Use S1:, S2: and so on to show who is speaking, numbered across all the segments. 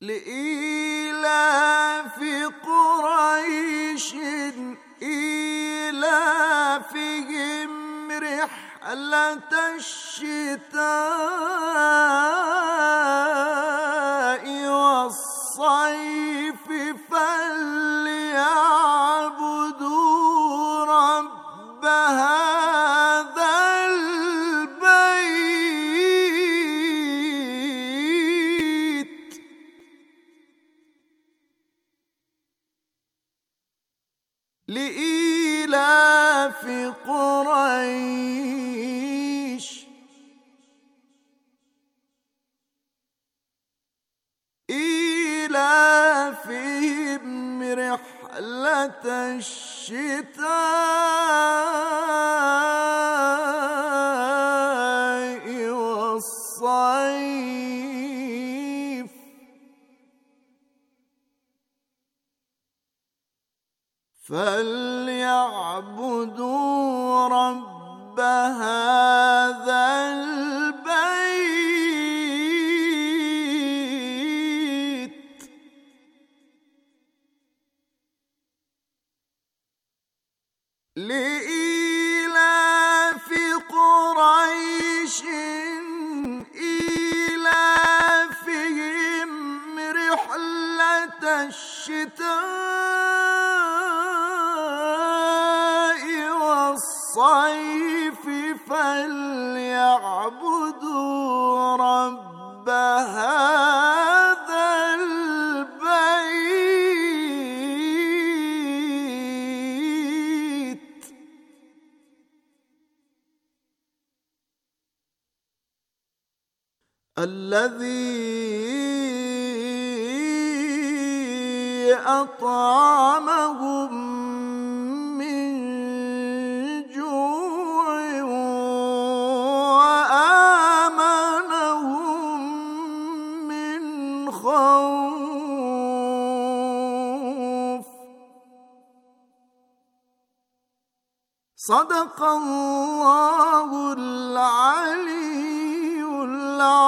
S1: لإيلاف قريش إيلافهم رحلة الشتاء والصيف فليعلم رحلة الشتاء والصيف فليعبدوا رب هذا الذي اطعمهم من جوع وامنهم من خوف صدق الله العلي العظيم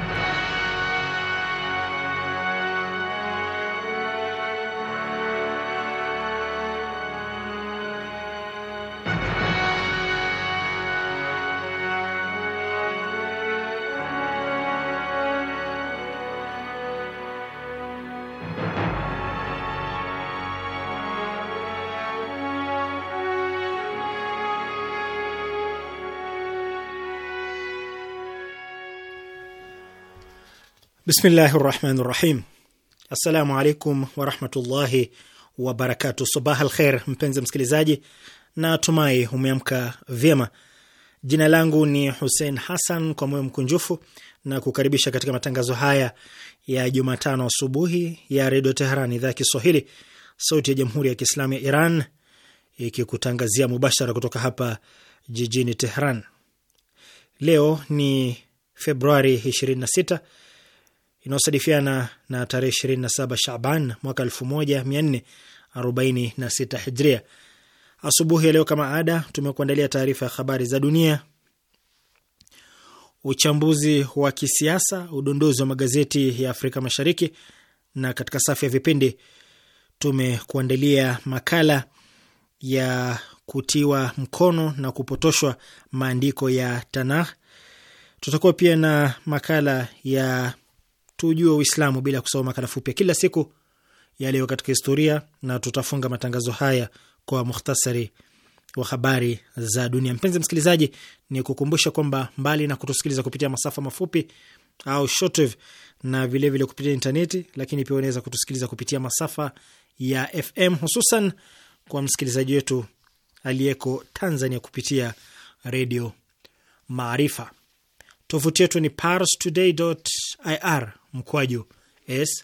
S2: Bismillahi rahmani rahim. Assalamu alaikum warahmatullahi wabarakatu. Sabah al kher, mpenzi msikilizaji, na tumai umeamka vyema. Jina langu ni Husein Hassan, kwa moyo mkunjufu na kukaribisha katika matangazo haya ya Jumatano asubuhi ya Redio Teheran, idhaa ya Kiswahili, sauti ya Jamhuri ya Kiislamu ya Iran, ikikutangazia mubashara kutoka hapa jijini Teheran. Leo ni Februari 26 inayosadifiana na tarehe 27 Shaban mwaka 1446 Hijria. Asubuhi ya leo, kama ada, tumekuandalia taarifa ya habari za dunia, uchambuzi wa kisiasa, udondozi wa magazeti ya Afrika Mashariki, na katika safu ya vipindi tumekuandalia makala ya kutiwa mkono na kupotoshwa maandiko ya Tanakh. Tutakuwa pia na makala ya tujue Uislamu bila kusahau makala fupi ya kila siku yaliyo katika historia, na tutafunga matangazo haya kwa muhtasari wa habari za dunia. Mpenzi msikilizaji, ni kukumbusha kwamba mbali na kutusikiliza kupitia masafa mafupi au shortwave na vilevile vile kupitia intaneti, lakini pia unaweza kutusikiliza kupitia masafa ya FM hususan kwa msikilizaji wetu aliyeko Tanzania kupitia Redio Maarifa. Tovuti yetu ni parstoday.ir mkwaju sw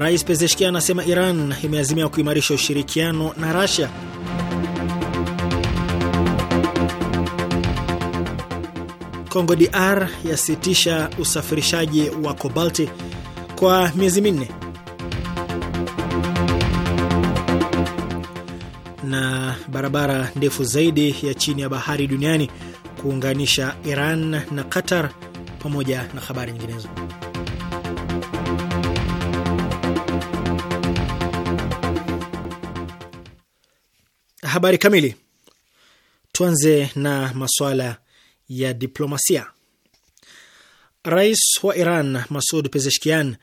S2: Rais Pezeshkian anasema Iran imeazimia kuimarisha ushirikiano na rasia Kongo DR yasitisha usafirishaji wa kobalti kwa miezi minne. Na barabara ndefu zaidi ya chini ya bahari duniani kuunganisha Iran na Qatar pamoja na habari nyinginezo. habari kamili. Tuanze na masuala ya diplomasia. Rais wa Iran Masud Pezeshkian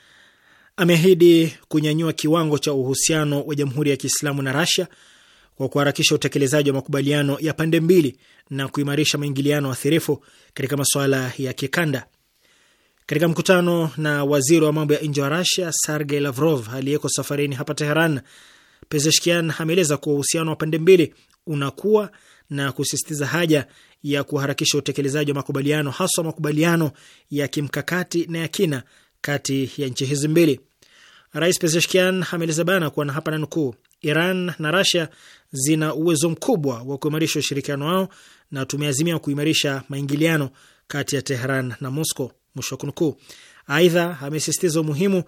S2: ameahidi kunyanyua kiwango cha uhusiano wa Jamhuri ya Kiislamu na Rasia kwa kuharakisha utekelezaji wa makubaliano ya pande mbili na kuimarisha maingiliano athirifu katika masuala ya kikanda. Katika mkutano na waziri wa mambo ya nje wa Rasia Sergey Lavrov aliyeko safarini hapa Teheran, Pezeshkian ameeleza kuwa uhusiano wa pande mbili unakuwa na kusisitiza haja ya kuharakisha utekelezaji wa makubaliano, haswa makubaliano ya kimkakati na ya kina kati ya nchi hizi mbili. Rais Pezeshkian ameeleza bana kuwa na hapa na nukuu, Iran na Rasia zina uwezo mkubwa wa kuimarisha ushirikiano wao na tumeazimia kuimarisha maingiliano kati ya Tehran na Moscow, mwisho wa kunukuu. Aidha amesisitiza umuhimu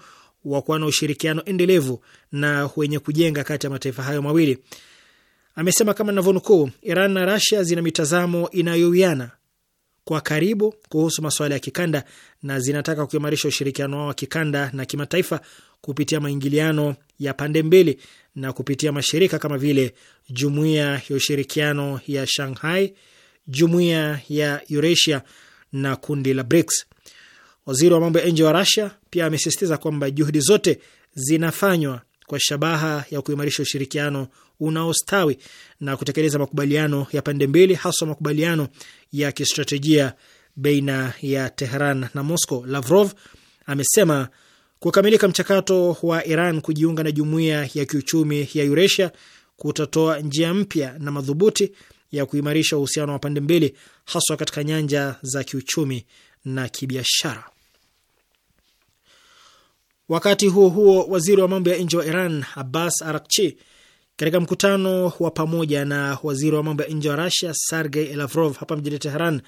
S2: wa kuwa na ushirikiano endelevu na wenye kujenga kati ya mataifa hayo mawili. Amesema kama navyonukuu, Iran na Rasia zina mitazamo inayowiana kwa karibu kuhusu masuala ya kikanda na zinataka kuimarisha ushirikiano wao wa kikanda na kimataifa kupitia maingiliano ya pande mbili na kupitia mashirika kama vile Jumuiya ya Ushirikiano ya Shanghai, Jumuiya ya Eurasia na kundi la BRICS. Waziri wa mambo ya nje wa Rasia pia amesisitiza kwamba juhudi zote zinafanywa kwa shabaha ya kuimarisha ushirikiano unaostawi na kutekeleza makubaliano ya pande mbili, haswa makubaliano ya kistratejia baina ya Tehran na Moscow. Lavrov amesema kukamilika mchakato wa Iran kujiunga na jumuiya ya kiuchumi ya Eurasia kutatoa njia mpya na madhubuti ya kuimarisha uhusiano wa pande mbili, haswa katika nyanja za kiuchumi na kibiashara. Wakati huo huo, waziri wa mambo ya nje wa Iran Abbas Arakchi, katika mkutano wa pamoja na waziri wa mambo ya nje wa Rasia Sergei Lavrov hapa mjini Teheran,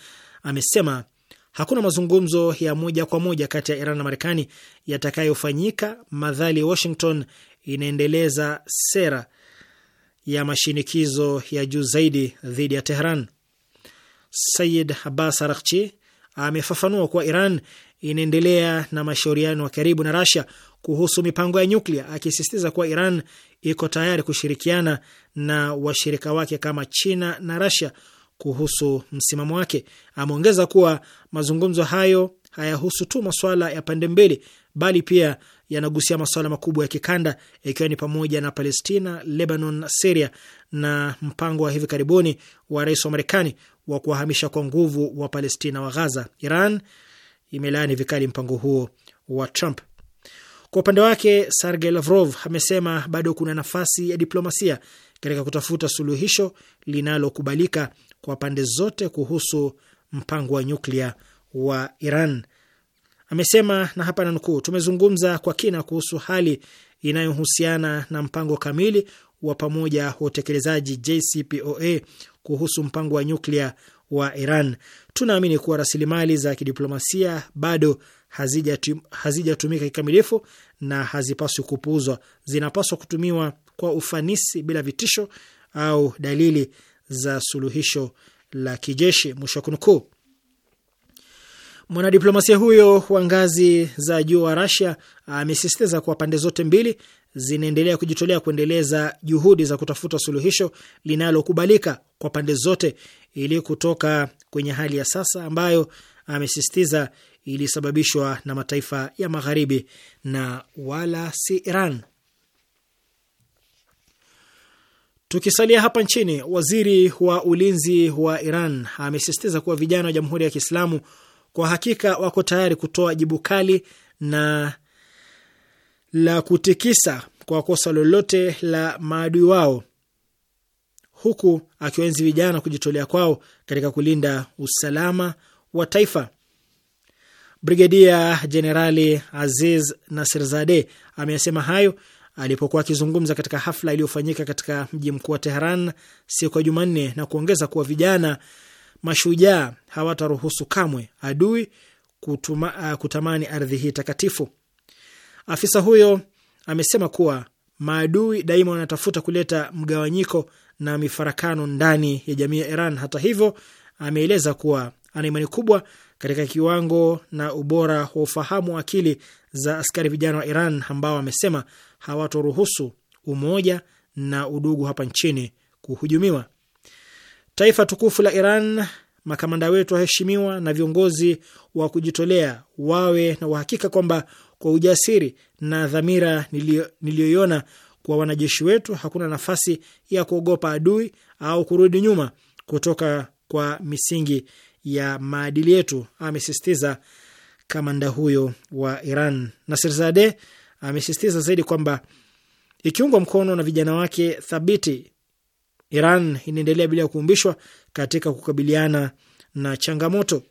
S2: amesema hakuna mazungumzo ya moja kwa moja kati ya Iran na Marekani yatakayofanyika madhali Washington inaendeleza sera ya mashinikizo ya juu zaidi dhidi ya Teheran. Sayid Abbas Arakchi amefafanua kuwa Iran inaendelea na mashauriano ya karibu na Rasia kuhusu mipango ya nyuklia, akisisitiza kuwa Iran iko tayari kushirikiana na washirika wake kama China na Rasia kuhusu msimamo wake. Ameongeza kuwa mazungumzo hayo hayahusu tu masuala ya pande mbili, bali pia yanagusia masuala makubwa ya kikanda, ikiwa ni pamoja na Palestina, Lebanon, Siria na mpango wa hivi karibuni wa rais wa Marekani wa kuwahamisha kwa nguvu wa Palestina wa Ghaza. Iran imelaani vikali mpango huo wa Trump. Kwa upande wake, Sergey Lavrov amesema bado kuna nafasi ya diplomasia katika kutafuta suluhisho linalokubalika kwa pande zote kuhusu mpango wa nyuklia wa Iran. Amesema na hapa nukuu, tumezungumza kwa kina kuhusu hali inayohusiana na mpango kamili wa pamoja wa utekelezaji JCPOA kuhusu mpango wa nyuklia wa Iran. Tunaamini kuwa rasilimali za kidiplomasia bado hazijatumika kikamilifu na hazipaswi kupuuzwa. Zinapaswa kutumiwa kwa ufanisi bila vitisho au dalili za suluhisho la kijeshi. Mwisho wa kunukuu. Mwanadiplomasia huyo wa ngazi za juu wa Rasia amesisitiza kuwa pande zote mbili zinaendelea kujitolea kuendeleza juhudi za kutafuta suluhisho linalokubalika kwa pande zote ili kutoka kwenye hali ya sasa ambayo amesisitiza ilisababishwa na mataifa ya Magharibi na wala si Iran. Tukisalia hapa nchini, waziri wa ulinzi wa Iran amesisitiza kuwa vijana wa Jamhuri ya Kiislamu kwa hakika wako tayari kutoa jibu kali na la kutikisa kwa kosa lolote la maadui wao, huku akiwaenzi vijana kujitolea kwao katika kulinda usalama wa taifa. Brigedia Jenerali Aziz Nasirzade ameyasema hayo alipokuwa akizungumza katika hafla iliyofanyika katika mji mkuu wa Teheran siku ya Jumanne na kuongeza kuwa vijana mashujaa hawataruhusu kamwe adui kutuma, uh, kutamani ardhi hii takatifu. Afisa huyo amesema kuwa maadui daima wanatafuta kuleta mgawanyiko na mifarakano ndani ya jamii ya Iran. Hata hivyo, ameeleza kuwa ana imani kubwa katika kiwango na ubora wa ufahamu wa akili za askari vijana wa Iran ambao amesema hawatoruhusu umoja na udugu hapa nchini kuhujumiwa. Taifa tukufu la Iran makamanda wetu waheshimiwa na viongozi wa kujitolea wawe na uhakika kwamba kwa ujasiri na dhamira niliyoiona kwa wanajeshi wetu, hakuna nafasi ya kuogopa adui au kurudi nyuma kutoka kwa misingi ya maadili yetu, amesisitiza kamanda huyo wa Iran. Zade amesisitiza zaidi kwamba ikiungwa mkono na vijana wake thabiti, Iran inaendelea bila ya kuumbishwa katika kukabiliana na changamoto.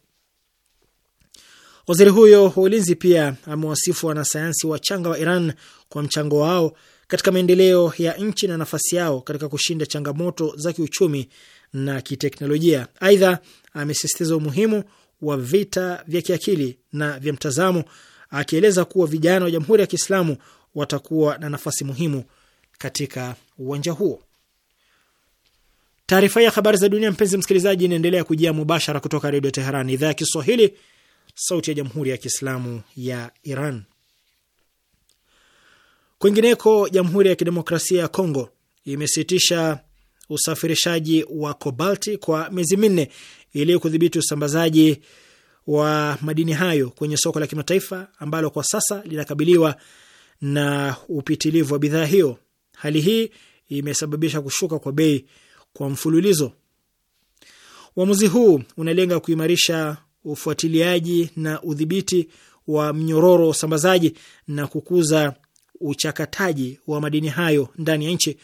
S2: Waziri huyo wa ulinzi pia amewasifu wanasayansi wachanga wa Iran kwa mchango wao katika maendeleo ya nchi na nafasi yao katika kushinda changamoto za kiuchumi na kiteknolojia. Aidha, amesisitiza umuhimu wa vita vya kiakili na vya mtazamo, akieleza kuwa vijana wa Jamhuri ya Kiislamu watakuwa na nafasi muhimu katika uwanja huo. Taarifa ya habari za dunia, mpenzi msikilizaji, inaendelea kujia mubashara kutoka Redio Teheran, idhaa ya Kiswahili, sauti ya Jamhuri ya Kiislamu ya Iran. Kwingineko, Jamhuri ya Kidemokrasia ya Kongo imesitisha usafirishaji wa kobalti kwa miezi minne ili kudhibiti usambazaji wa madini hayo kwenye soko la kimataifa ambalo kwa sasa linakabiliwa na upitilivu wa bidhaa hiyo. Hali hii imesababisha kushuka kwa bei kwa mfululizo. Uamuzi huu unalenga kuimarisha ufuatiliaji na udhibiti wa mnyororo wa usambazaji na kukuza uchakataji wa madini hayo ndani ya nchi.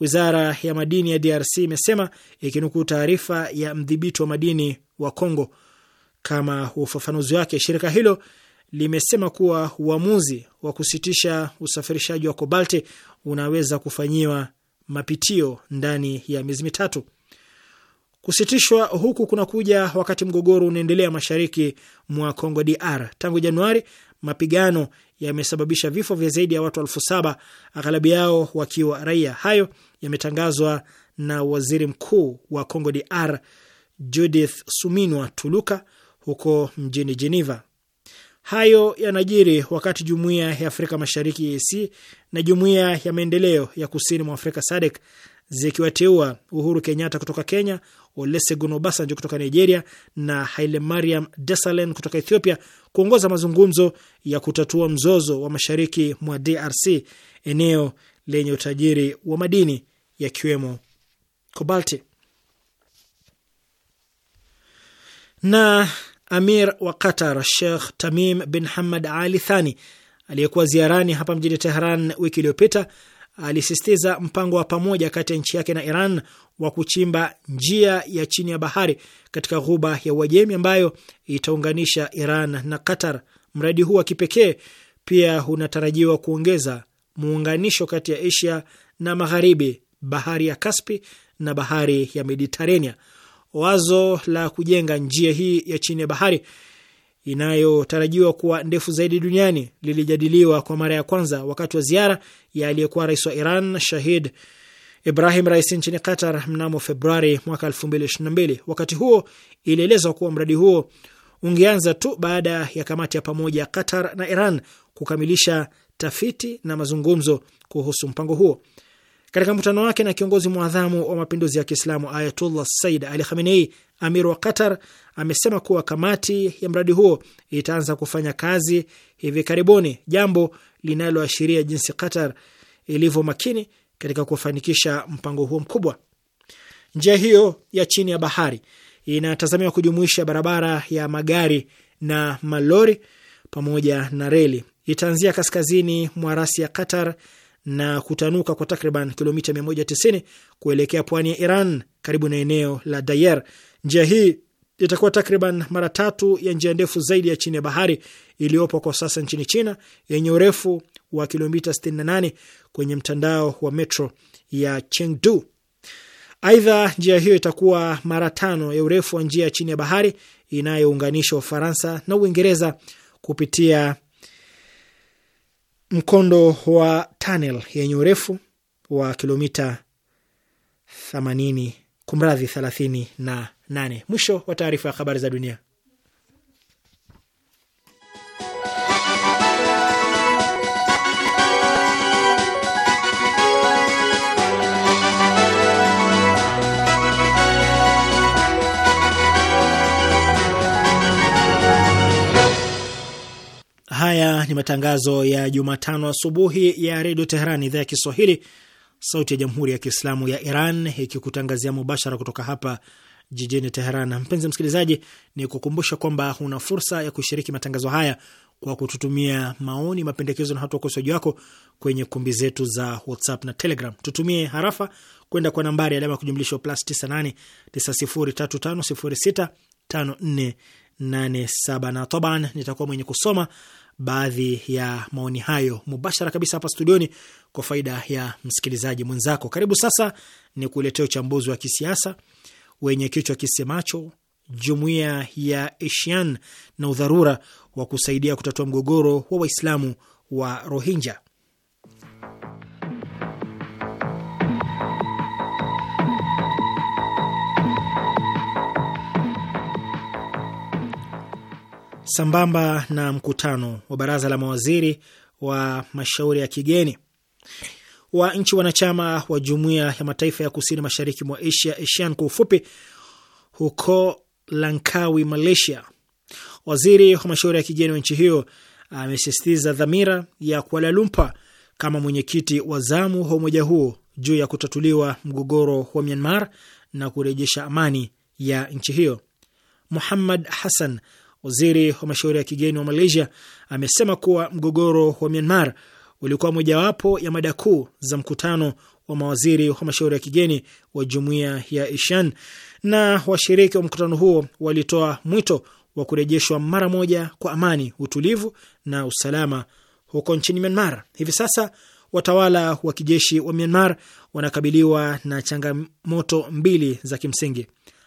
S2: Wizara ya madini ya DRC imesema ikinukuu taarifa ya mdhibiti wa madini wa congo Kama ufafanuzi wake, shirika hilo limesema kuwa uamuzi wa kusitisha usafirishaji wa kobalti unaweza kufanyiwa mapitio ndani ya miezi mitatu. Kusitishwa huku kunakuja wakati mgogoro unaendelea mashariki mwa Congo DR. Tangu Januari, mapigano yamesababisha vifo vya zaidi ya watu elfu saba, aghalabi yao wakiwa raia. Hayo yametangazwa na waziri mkuu wa Congo DR Judith Suminwa Tuluka huko mjini Geneva. Hayo yanajiri wakati jumuiya ya Afrika Mashariki EAC na Jumuiya ya Maendeleo ya Kusini mwa Afrika SADC zikiwateua Uhuru Kenyatta kutoka Kenya, Olusegun Obasanjo kutoka Nigeria na Hailemariam Desalegn kutoka Ethiopia kuongoza mazungumzo ya kutatua mzozo wa mashariki mwa DRC, eneo lenye utajiri wa madini yakiwemo kobalti. Na Amir wa Qatar Sheikh Tamim bin Hamad Ali Thani aliyekuwa ziarani hapa mjini Tehran wiki iliyopita alisisitiza mpango wa pamoja kati ya nchi yake na Iran wa kuchimba njia ya chini ya bahari katika ghuba ya Uajemi ambayo itaunganisha Iran na Qatar. Mradi huu wa kipekee pia unatarajiwa kuongeza muunganisho kati ya Asia na magharibi, bahari ya Kaspi na bahari ya Mediterania. Wazo la kujenga njia hii ya chini ya bahari inayotarajiwa kuwa ndefu zaidi duniani lilijadiliwa kwa mara ya kwanza wakati wa ziara ya aliyekuwa rais wa Iran Shahid Ibrahim Raisi nchini Qatar mnamo Februari mwaka 2022. Wakati huo ilielezwa kuwa mradi huo ungeanza tu baada ya kamati ya pamoja ya Qatar na Iran kukamilisha tafiti na mazungumzo kuhusu mpango huo. Katika mkutano wake na kiongozi mwadhamu wa mapinduzi ya Kiislamu Ayatullah Said Ali Khamenei, amir wa Qatar amesema kuwa kamati ya mradi huo itaanza kufanya kazi hivi karibuni, jambo linaloashiria jinsi Qatar ilivyo makini katika kufanikisha mpango huo mkubwa. Njia hiyo ya chini ya bahari inatazamiwa kujumuisha barabara ya magari na malori pamoja na reli. Itaanzia kaskazini mwa rasi ya Qatar na kutanuka kwa takriban kilomita 190 kuelekea pwani ya Iran karibu na eneo la Dayer. Njia hii itakuwa takriban mara tatu ya njia ndefu zaidi ya chini ya bahari iliyopo kwa sasa nchini China yenye urefu wa kilomita 68 kwenye mtandao wa metro ya Chengdu. Aidha, njia hiyo itakuwa mara tano ya urefu wa njia ya chini ya bahari inayounganisha Ufaransa na Uingereza kupitia mkondo wa tunnel yenye urefu wa kilomita 80 kumradhi 38. Mwisho wa taarifa ya habari za dunia. Haya ni matangazo ya Jumatano asubuhi ya Redio Teheran, idhaa ya Kiswahili, sauti ya Jamhuri ya Kiislamu ya Iran, ikikutangazia mubashara kutoka hapa jijini Teheran. Mpenzi msikilizaji, ni kukumbusha kwamba una fursa ya kushiriki matangazo haya kwa kututumia maoni, mapendekezo na hata ukosoaji wako kwenye kumbi zetu za WhatsApp na Telegram. Tutumie harafa kwenda kwa nambari alama ya kujumlisha plus 98 na toban, nitakuwa mwenye kusoma baadhi ya maoni hayo mubashara kabisa hapa studioni kwa faida ya msikilizaji mwenzako. Karibu sasa ni kuletea uchambuzi wa kisiasa wenye kichwa kisemacho jumuiya ya ASEAN na udharura wa kusaidia kutatua mgogoro wa Waislamu wa Rohingya. sambamba na mkutano wa baraza la mawaziri wa mashauri ya kigeni wa nchi wanachama wa jumuiya ya mataifa ya kusini mashariki mwa Asia, ASEAN kwa ufupi, huko Langkawi, Malaysia. Waziri wa mashauri ya kigeni wa nchi hiyo amesisitiza dhamira ya Kuala Lumpur kama mwenyekiti wa zamu wa umoja huo juu ya kutatuliwa mgogoro wa Myanmar na kurejesha amani ya nchi hiyo. Muhammad Hassan, Waziri wa mashauri ya kigeni wa Malaysia amesema kuwa mgogoro wa Myanmar ulikuwa mojawapo ya mada kuu za mkutano wa mawaziri wa mashauri ya kigeni wa jumuiya ya ASEAN, na washiriki wa mkutano huo walitoa mwito wa kurejeshwa mara moja kwa amani, utulivu na usalama huko nchini Myanmar. Hivi sasa watawala wa kijeshi wa Myanmar wanakabiliwa na changamoto mbili za kimsingi: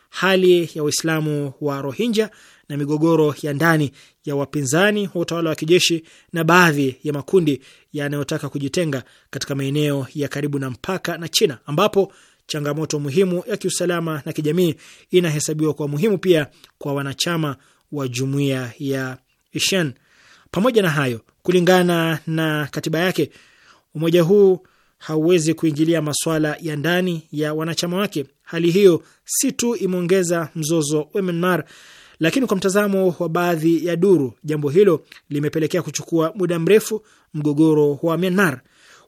S2: hali ya Waislamu wa Rohingya na migogoro ya ndani ya wapinzani wa utawala wa kijeshi na baadhi ya makundi yanayotaka kujitenga katika maeneo ya karibu na mpaka na China, ambapo changamoto muhimu ya kiusalama na kijamii inahesabiwa kuwa muhimu pia kwa wanachama wa jumuiya ya Ishen. Pamoja na hayo, kulingana na katiba yake, umoja huu hauwezi kuingilia masuala ya ndani ya wanachama wake. Hali hiyo si tu imeongeza mzozo wa Myanmar, lakini kwa mtazamo wa baadhi ya duru, jambo hilo limepelekea kuchukua muda mrefu mgogoro wa Myanmar.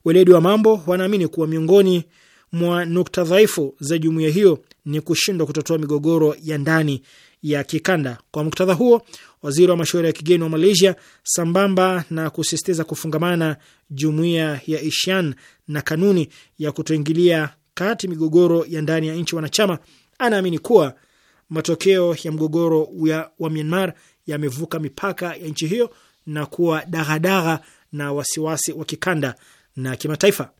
S2: Weledi wa mambo wanaamini kuwa miongoni mwa nukta dhaifu za jumuiya hiyo ni kushindwa kutatua migogoro ya ndani ya kikanda. Kwa muktadha huo, waziri wa mashauri ya kigeni wa Malaysia, sambamba na kusisitiza kufungamana jumuiya ya ASEAN na kanuni ya kutoingilia kati migogoro ya ndani ya nchi wanachama, anaamini kuwa matokeo ya mgogoro ya wa Myanmar yamevuka mipaka ya nchi hiyo na kuwa daghadagha na wasiwasi wa kikanda na kimataifa.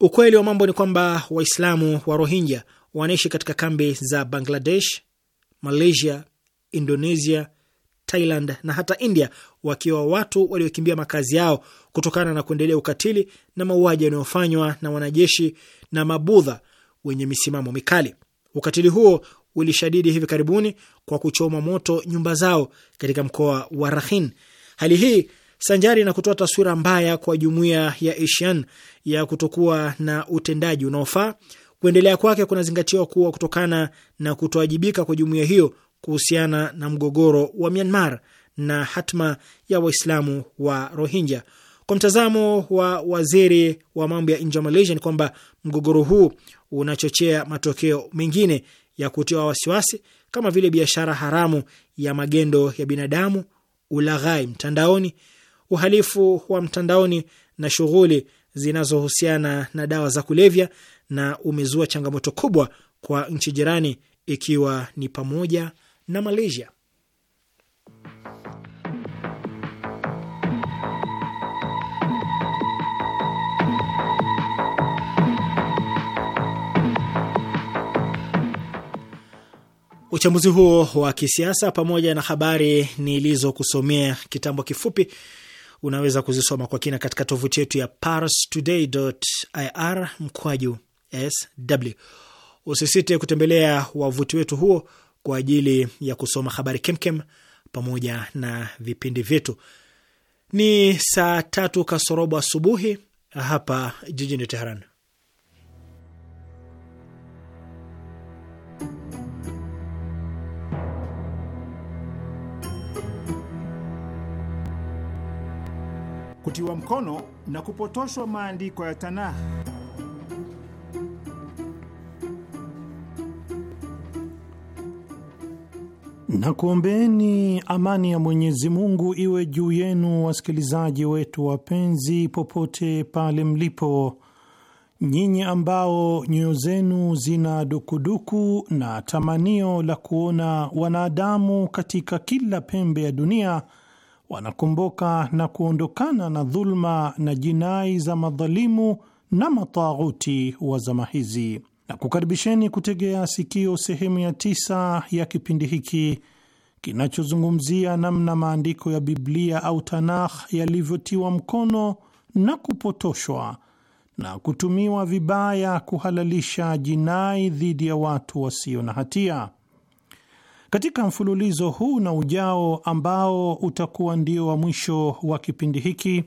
S2: Ukweli wa mambo ni kwamba Waislamu wa Rohingya wanaishi katika kambi za Bangladesh, Malaysia, Indonesia, Thailand na hata India, wakiwa watu waliokimbia makazi yao kutokana na kuendelea ukatili na mauaji yanayofanywa na wanajeshi na mabudha wenye misimamo mikali. Ukatili huo ulishadidi hivi karibuni kwa kuchoma moto nyumba zao katika mkoa wa Rakhine. Hali hii sanjari na kutoa taswira mbaya kwa jumuiya ya ASEAN ya kutokuwa na utendaji unaofaa, kuendelea kwake kunazingatiwa kuwa kutokana na kutoajibika kwa jumuiya hiyo kuhusiana na mgogoro wa Myanmar na hatma ya Waislamu wa Rohingya. Kwa mtazamo wa waziri wa mambo ya nje wa Malaysia ni kwamba mgogoro huu unachochea matokeo mengine ya kutoa wasiwasi kama vile biashara haramu ya magendo ya binadamu, ulaghai mtandaoni, uhalifu wa mtandaoni na shughuli zinazohusiana na dawa za kulevya, na umezua changamoto kubwa kwa nchi jirani ikiwa ni pamoja na Malaysia. Uchambuzi huo wa kisiasa pamoja na habari nilizokusomea kitambo kifupi unaweza kuzisoma kwa kina katika tovuti yetu ya parstoday.ir mkwaju sw. Usisite kutembelea wavuti wetu huo kwa ajili ya kusoma habari kemkem pamoja na vipindi vyetu. Ni saa tatu kasorobo asubuhi hapa jijini Teheran. kutiwa mkono na kupotoshwa maandiko ya Tanakh.
S3: Na amani ya Mwenyezi Mungu iwe juu yenu, wasikilizaji wetu wapenzi, popote pale mlipo, nyinyi ambao nyoyo zenu zina dukuduku na tamanio la kuona wanadamu katika kila pembe ya dunia wanakomboka na kuondokana na dhulma na jinai za madhalimu na mataghuti wa zama hizi, na kukaribisheni kutegea sikio sehemu ya tisa ya kipindi hiki kinachozungumzia namna maandiko ya Biblia au Tanakh yalivyotiwa mkono na kupotoshwa na kutumiwa vibaya kuhalalisha jinai dhidi ya watu wasio na hatia katika mfululizo huu na ujao ambao utakuwa ndio wa mwisho wa kipindi hiki,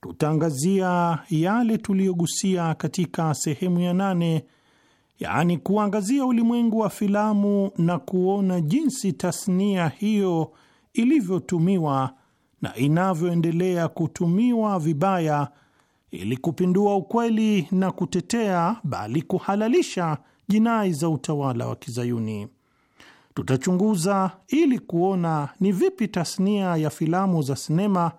S3: tutaangazia yale tuliyogusia katika sehemu ya nane, yaani kuangazia ulimwengu wa filamu na kuona jinsi tasnia hiyo ilivyotumiwa na inavyoendelea kutumiwa vibaya ili kupindua ukweli na kutetea bali kuhalalisha jinai za utawala wa Kizayuni tutachunguza ili kuona ni vipi tasnia ya filamu za sinema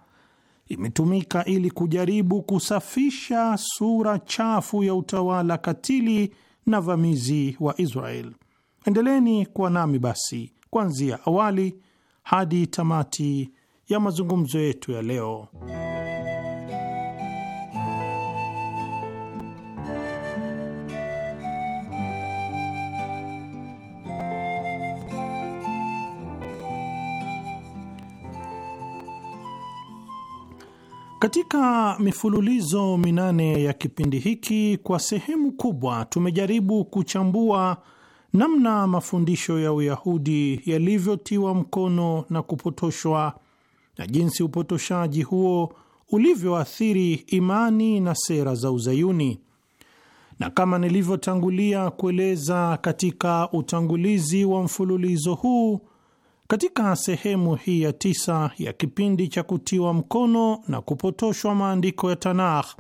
S3: imetumika ili kujaribu kusafisha sura chafu ya utawala katili na vamizi wa Israel. endeleni kuwa nami basi kuanzia awali hadi tamati ya mazungumzo yetu ya leo. Katika mifululizo minane ya kipindi hiki, kwa sehemu kubwa tumejaribu kuchambua namna mafundisho ya Uyahudi yalivyotiwa mkono na kupotoshwa na jinsi upotoshaji huo ulivyoathiri imani na sera za Uzayuni. Na kama nilivyotangulia kueleza katika utangulizi wa mfululizo huu katika sehemu hii ya tisa ya kipindi cha kutiwa mkono na kupotoshwa maandiko ya Tanakh,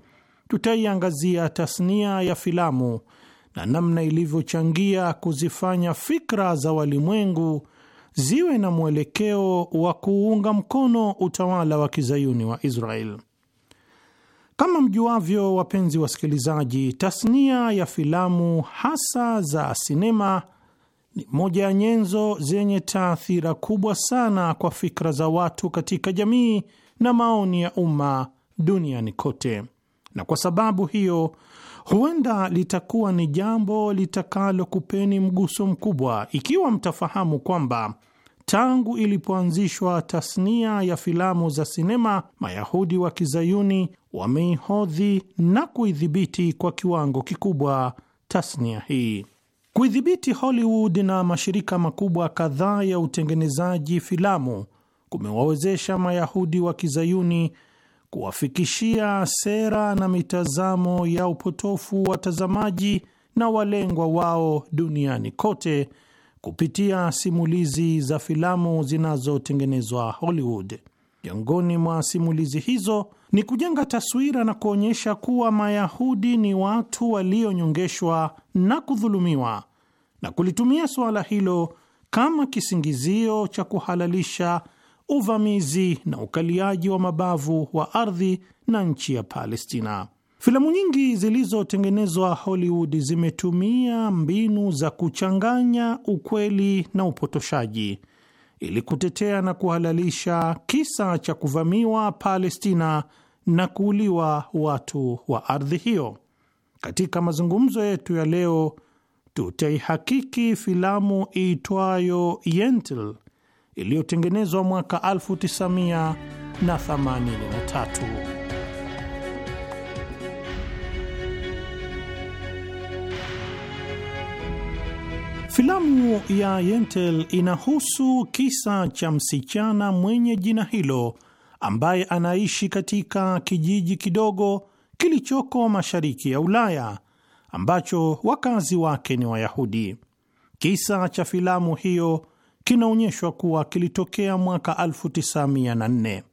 S3: tutaiangazia tasnia ya filamu na namna ilivyochangia kuzifanya fikra za walimwengu ziwe na mwelekeo wa kuunga mkono utawala wa kizayuni wa Israel. Kama mjuavyo, wapenzi wasikilizaji, tasnia ya filamu hasa za sinema ni moja ya nyenzo zenye taathira kubwa sana kwa fikra za watu katika jamii na maoni ya umma duniani kote, na kwa sababu hiyo huenda litakuwa ni jambo litakalokupeni mguso mkubwa ikiwa mtafahamu kwamba tangu ilipoanzishwa tasnia ya filamu za sinema, Mayahudi wa kizayuni wameihodhi na kuidhibiti kwa kiwango kikubwa tasnia hii. Kuidhibiti Hollywood na mashirika makubwa kadhaa ya utengenezaji filamu kumewawezesha Mayahudi wa kizayuni kuwafikishia sera na mitazamo ya upotofu watazamaji na walengwa wao duniani kote kupitia simulizi za filamu zinazotengenezwa Hollywood. Miongoni mwa simulizi hizo ni kujenga taswira na kuonyesha kuwa Mayahudi ni watu walionyongeshwa na kudhulumiwa na kulitumia suala hilo kama kisingizio cha kuhalalisha uvamizi na ukaliaji wa mabavu wa ardhi na nchi ya Palestina. Filamu nyingi zilizotengenezwa Hollywood zimetumia mbinu za kuchanganya ukweli na upotoshaji ili kutetea na kuhalalisha kisa cha kuvamiwa Palestina na kuuliwa watu wa ardhi hiyo. Katika mazungumzo yetu ya leo, tutaihakiki filamu iitwayo Yentl iliyotengenezwa mwaka 1983. Filamu ya Yentel inahusu kisa cha msichana mwenye jina hilo ambaye anaishi katika kijiji kidogo kilichoko mashariki ya Ulaya ambacho wakazi wake ni Wayahudi. Kisa cha filamu hiyo kinaonyeshwa kuwa kilitokea mwaka 1904.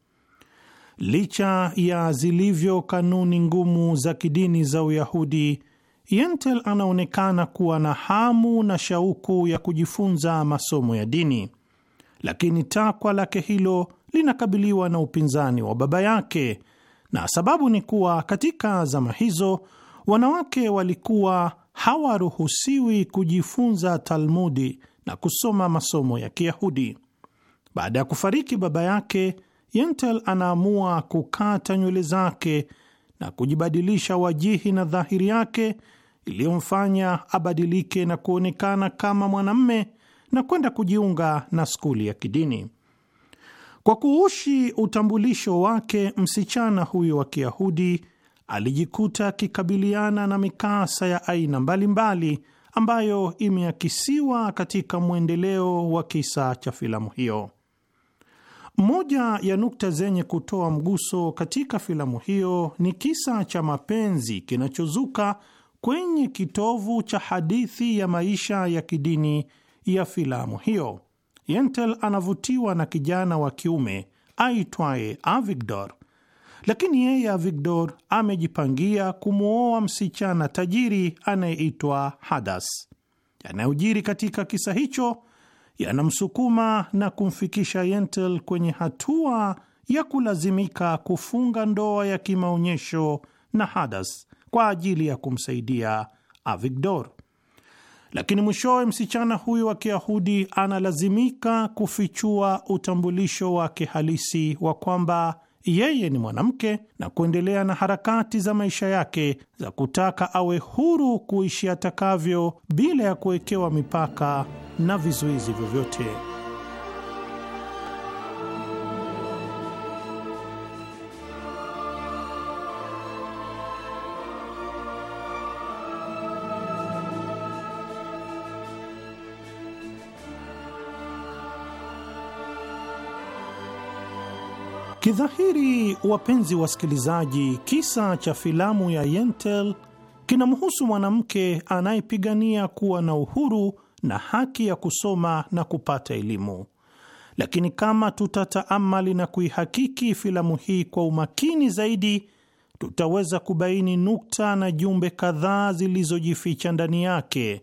S3: Licha ya zilivyo kanuni ngumu za kidini za Uyahudi Yentel anaonekana kuwa na hamu na shauku ya kujifunza masomo ya dini, lakini takwa lake hilo linakabiliwa na upinzani wa baba yake, na sababu ni kuwa katika zama hizo wanawake walikuwa hawaruhusiwi kujifunza Talmudi na kusoma masomo ya Kiyahudi. Baada ya kufariki baba yake, Yentel anaamua kukata nywele zake na kujibadilisha wajihi na dhahiri yake iliyomfanya abadilike na kuonekana kama mwanamme na kwenda kujiunga na skuli ya kidini. Kwa kuushi utambulisho wake, msichana huyo wa Kiyahudi alijikuta akikabiliana na mikasa ya aina mbalimbali mbali ambayo imeakisiwa katika mwendeleo wa kisa cha filamu hiyo. Moja ya nukta zenye kutoa mguso katika filamu hiyo ni kisa cha mapenzi kinachozuka kwenye kitovu cha hadithi ya maisha ya kidini ya filamu hiyo. Yentel anavutiwa na kijana wa kiume aitwaye Avigdor, lakini yeye Avigdor amejipangia kumwoa msichana tajiri anayeitwa Hadas. Yanayojiri katika kisa hicho yanamsukuma na kumfikisha Yentel kwenye hatua ya kulazimika kufunga ndoa ya kimaonyesho na Hadas kwa ajili ya kumsaidia Avigdor, lakini mwishowe msichana huyu wa Kiyahudi analazimika kufichua utambulisho wake halisi wa kwamba yeye ni mwanamke na kuendelea na harakati za maisha yake za kutaka awe huru kuishi atakavyo bila ya kuwekewa mipaka na vizuizi vyovyote. Kidhahiri, wapenzi wasikilizaji, kisa cha filamu ya Yentel kinamhusu mwanamke anayepigania kuwa na uhuru na haki ya kusoma na kupata elimu, lakini kama tutataamali na kuihakiki filamu hii kwa umakini zaidi, tutaweza kubaini nukta na jumbe kadhaa zilizojificha ndani yake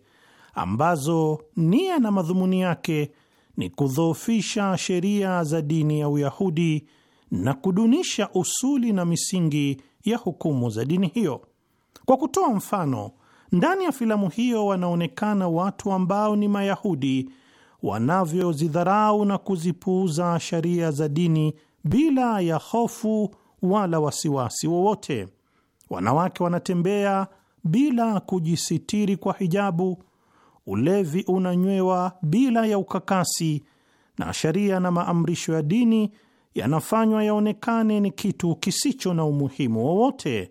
S3: ambazo nia na madhumuni yake ni kudhoofisha sheria za dini ya Uyahudi na kudunisha usuli na misingi ya hukumu za dini hiyo. Kwa kutoa mfano, ndani ya filamu hiyo wanaonekana watu ambao ni Mayahudi wanavyozidharau na kuzipuuza sheria za dini bila ya hofu wala wasiwasi wowote. Wanawake wanatembea bila kujisitiri kwa hijabu, ulevi unanywewa bila ya ukakasi, na sheria na maamrisho ya dini yanafanywa yaonekane ni kitu kisicho na umuhimu wowote,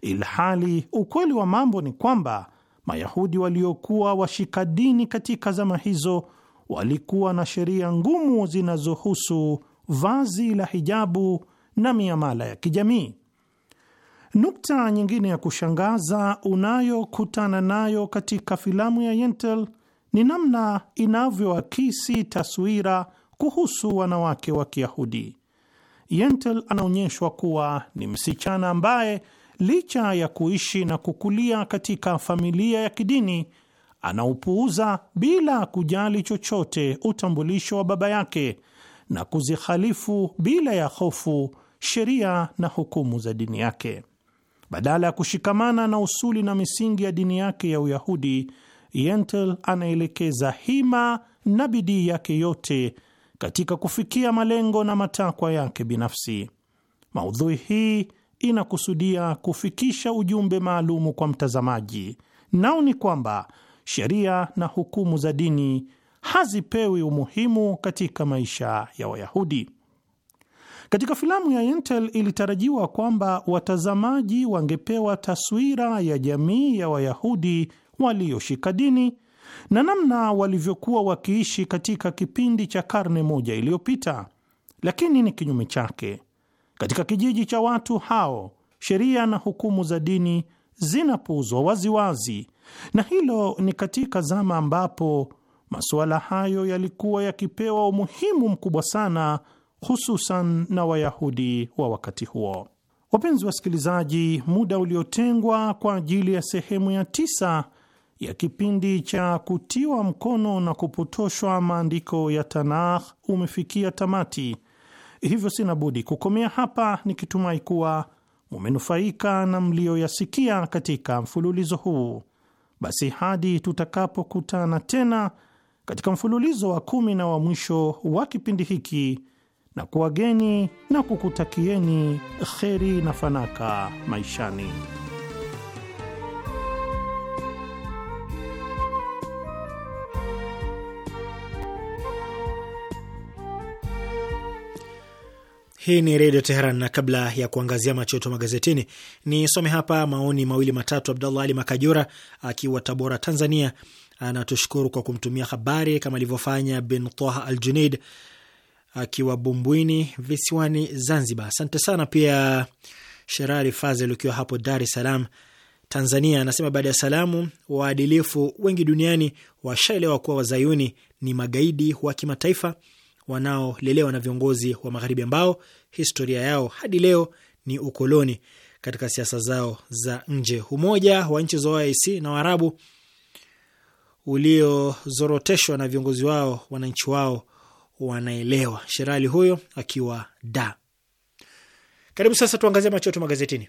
S3: ilhali ukweli wa mambo ni kwamba Mayahudi waliokuwa washika dini katika zama hizo walikuwa na sheria ngumu zinazohusu vazi la hijabu na miamala ya kijamii. Nukta nyingine ya kushangaza unayokutana nayo katika filamu ya Yentel ni namna inavyoakisi taswira kuhusu wanawake wa Kiyahudi. Yentel anaonyeshwa kuwa ni msichana ambaye licha ya kuishi na kukulia katika familia ya kidini anaupuuza bila kujali chochote utambulisho wa baba yake na kuzihalifu bila ya hofu sheria na hukumu za dini yake. Badala ya kushikamana na usuli na misingi ya dini yake ya Uyahudi, Yentel anaelekeza hima na bidii yake yote katika kufikia malengo na matakwa yake binafsi. Maudhui hii inakusudia kufikisha ujumbe maalumu kwa mtazamaji, nao ni kwamba sheria na hukumu za dini hazipewi umuhimu katika maisha ya Wayahudi. Katika filamu ya yentel ilitarajiwa kwamba watazamaji wangepewa taswira ya jamii ya Wayahudi walioshika dini na namna walivyokuwa wakiishi katika kipindi cha karne moja iliyopita. Lakini ni kinyume chake. Katika kijiji cha watu hao, sheria na hukumu za dini zinapuuzwa waziwazi, na hilo ni katika zama ambapo masuala hayo yalikuwa yakipewa umuhimu mkubwa sana, hususan na Wayahudi wa wakati huo. Wapenzi wasikilizaji, muda uliotengwa kwa ajili ya sehemu ya tisa ya kipindi cha kutiwa mkono na kupotoshwa maandiko ya Tanakh umefikia tamati, hivyo sina budi kukomea hapa nikitumai kuwa mumenufaika na mliyoyasikia katika mfululizo huu. Basi hadi tutakapokutana tena katika mfululizo wa kumi na wa mwisho wa kipindi hiki, na kuwageni na kukutakieni kheri na fanaka maishani.
S2: Hii ni Redio Teheran, na kabla ya kuangazia machoto magazetini, nisome hapa maoni mawili matatu. Abdallah Ali Makajura akiwa Tabora, Tanzania, anatushukuru kwa kumtumia habari kama alivyofanya Bin Toha Al junaid akiwa Bumbwini visiwani Zanzibar. Asante sana. Pia Sherari Fazel ukiwa hapo Dar es Salaam, Tanzania, anasema baada ya salamu, waadilifu wengi duniani washaelewa kuwa wazayuni ni magaidi wa kimataifa wanaolelewa na viongozi wa Magharibi ambao historia yao hadi leo ni ukoloni katika siasa zao za nje. Umoja wa nchi za OIC na Waarabu uliozoroteshwa na viongozi wao, wananchi wao wanaelewa. Sherali huyo akiwa da. Karibu sasa tuangazie macho yetu magazetini.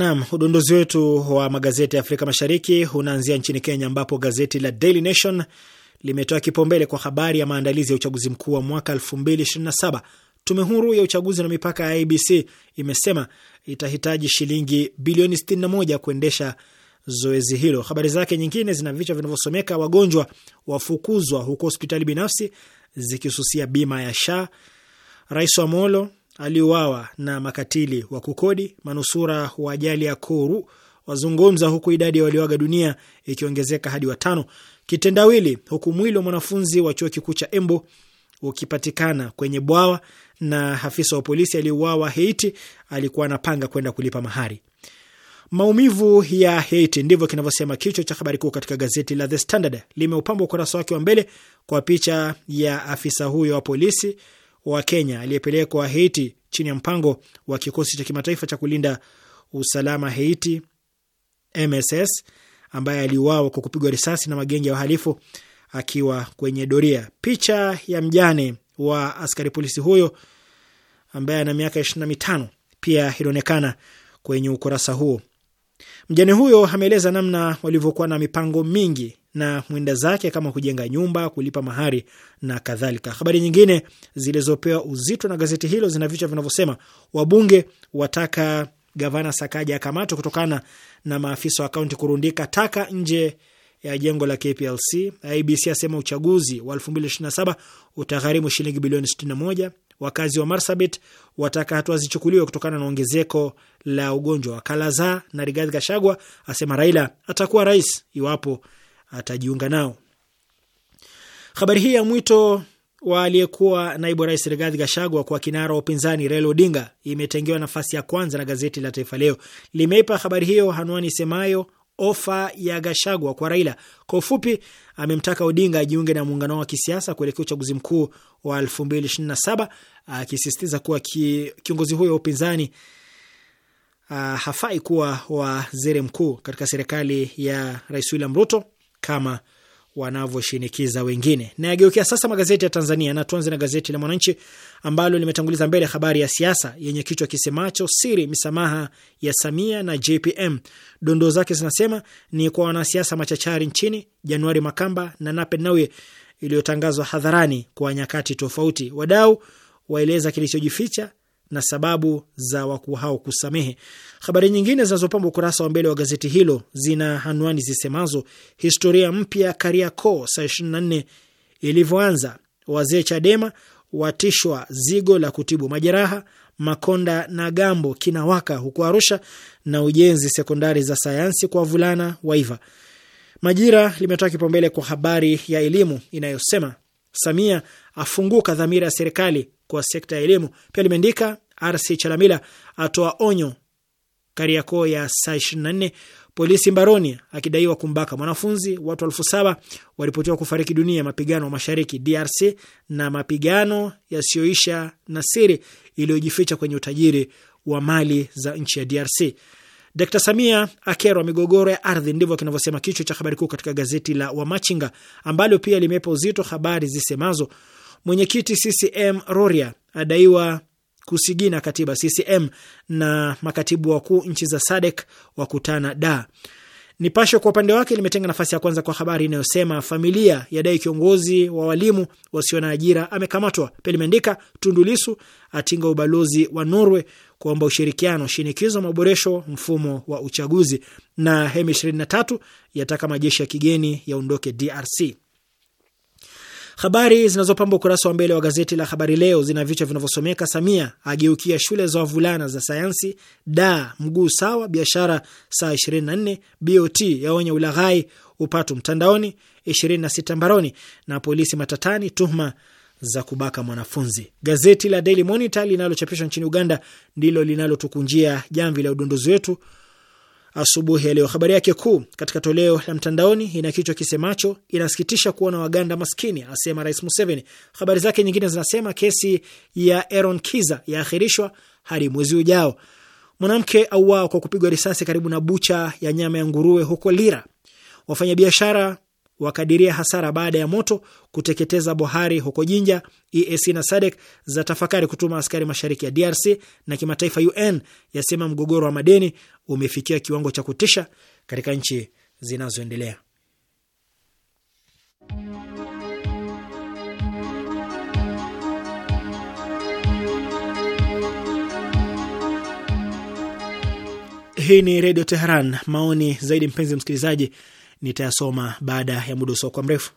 S2: Naam, udondozi wetu wa magazeti ya Afrika Mashariki unaanzia nchini Kenya, ambapo gazeti la Daily Nation limetoa kipaumbele kwa habari ya maandalizi ya uchaguzi mkuu wa mwaka 2027. Tume huru ya uchaguzi na mipaka ya IBC imesema itahitaji shilingi bilioni 61 kuendesha zoezi hilo. Habari zake nyingine zina vichwa vinavyosomeka wagonjwa wafukuzwa huko hospitali binafsi zikisusia bima ya SHA, Rais Amolo aliuawa na makatili wa kukodi. Manusura wa ajali ya Koru wazungumza huku idadi ya walioaga dunia ikiongezeka hadi watano. Kitendawili, huku mwili wa mwanafunzi wa chuo kikuu cha Embo ukipatikana kwenye bwawa, na afisa wa polisi aliyeuawa Haiti alikuwa anapanga kwenda kulipa mahari. Maumivu ya Haiti, ndivyo kinavyosema kichwa cha habari kuu katika gazeti la The Standard. Limeupamba ukurasa wake wa mbele kwa picha ya afisa huyo wa polisi wa Kenya aliyepelekwa Haiti chini ya mpango wa kikosi cha kimataifa cha kulinda usalama Haiti, MSS, ambaye aliuawa kwa kupigwa risasi na magenge ya wahalifu akiwa kwenye doria. Picha ya mjane wa askari polisi huyo ambaye ana miaka ishirini na mitano pia ilionekana kwenye ukurasa huo. Mjane huyo ameeleza namna walivyokuwa na mipango mingi na mwenda zake kama kujenga nyumba, kulipa mahari na kadhalika. Habari nyingine zilizopewa uzito na gazeti hilo zina vichwa vinavyosema: wabunge wataka gavana Sakaja akamatwe kutokana na maafisa wa kaunti kurundika taka nje ya jengo la KPLC. IBC asema uchaguzi wa 2027 utagharimu shilingi bilioni 61. Wakazi wa Marsabit wataka hatua zichukuliwe kutokana na ongezeko la ugonjwa wa kalaza, na Rigathi Gachagua asema Raila atakuwa rais iwapo atajiunga nao. Habari hii ya mwito wa aliyekuwa naibu rais Rigathi Gachagua kwa kinara wa upinzani Raila Odinga imetengewa nafasi ya kwanza na gazeti la Taifa Leo. Limeipa habari hiyo anwani semayo ofa ya Gachagua kwa Raila. Kwa ufupi, amemtaka Odinga ajiunge na muungano wa kisiasa kuelekea uchaguzi mkuu wa 2027 akisisitiza kuwa ki, kiongozi huyo wa upinzani ah, hafai kuwa waziri mkuu katika serikali ya Rais William Ruto kama wanavyoshinikiza wengine. Na yageukia sasa magazeti ya Tanzania na tuanze na gazeti la Mwananchi ambalo limetanguliza mbele habari ya siasa yenye kichwa kisemacho siri misamaha ya Samia na JPM. Dondoo zake zinasema ni kwa wanasiasa machachari nchini, Januari Makamba na Nape Nnauye iliyotangazwa hadharani kwa nyakati tofauti, wadau waeleza kilichojificha na sababu za wakuu hao kusamehe. Habari nyingine zinazopamba ukurasa wa mbele wa gazeti hilo zina anwani zisemazo historia mpya Kariakoo saa 24 ilivyoanza, wazee Chadema watishwa zigo la kutibu majeraha, Makonda na Gambo kinawaka huko Arusha, na ujenzi sekondari za sayansi kwa vulana waiva. Majira limetoa kipaumbele kwa habari ya elimu inayosema Samia afunguka dhamira ya serikali kwa sekta ya elimu. Pia limeandika RC Chalamila atoa onyo Kariakoo ya saa 24, polisi mbaroni akidaiwa kumbaka mwanafunzi. Watu elfu saba walipotiwa kufariki dunia mapigano ya mashariki DRC, na mapigano yasiyoisha na siri iliyojificha kwenye utajiri wa mali za nchi ya DRC. Dkt Samia akerwa migogoro ya ardhi, ndivyo kinavyosema kichwa cha habari kuu katika gazeti la Wamachinga, ambalo pia limepa uzito habari zisemazo Mwenyekiti CCM roria adaiwa kusigina katiba CCM na makatibu wakuu nchi za SADC wakutana da. Nipashe kwa upande wake limetenga nafasi ya kwanza kwa habari inayosema familia yadai kiongozi wa walimu wasio na ajira amekamatwa. Pia limeandika Tundulisu atinga ubalozi wa Norway kuomba ushirikiano, shinikizo maboresho mfumo wa uchaguzi, na M23 yataka majeshi ya kigeni yaondoke DRC. Habari zinazopamba ukurasa wa mbele wa gazeti la Habari Leo zina vichwa vinavyosomeka: Samia ageukia shule za wavulana za sayansi, da mguu sawa, biashara saa 24, BOT yaonya ulaghai upatu mtandaoni, 26 mbaroni, na polisi matatani tuhuma za kubaka mwanafunzi. Gazeti la Daily Monitor linalochapishwa nchini Uganda ndilo linalotukunjia jamvi la udondozi wetu asubuhi ya leo. Habari yake kuu katika toleo la mtandaoni ina kichwa kisemacho inasikitisha kuona Waganda maskini, asema Rais Museveni. Habari zake nyingine zinasema kesi ya Aaron Kiza yaahirishwa hadi mwezi ujao, mwanamke auao kwa kupigwa risasi karibu na bucha ya nyama ya nguruwe huko Lira, wafanyabiashara wakadiria hasara baada ya moto kuteketeza bohari huko Jinja. EAC na SADC za tafakari kutuma askari mashariki ya DRC, na kimataifa UN yasema mgogoro wa madeni umefikia kiwango cha kutisha katika nchi zinazoendelea. Hii ni Redio Teheran. Maoni zaidi, mpenzi msikilizaji nitayasoma baada ya muda usiokuwa mrefu.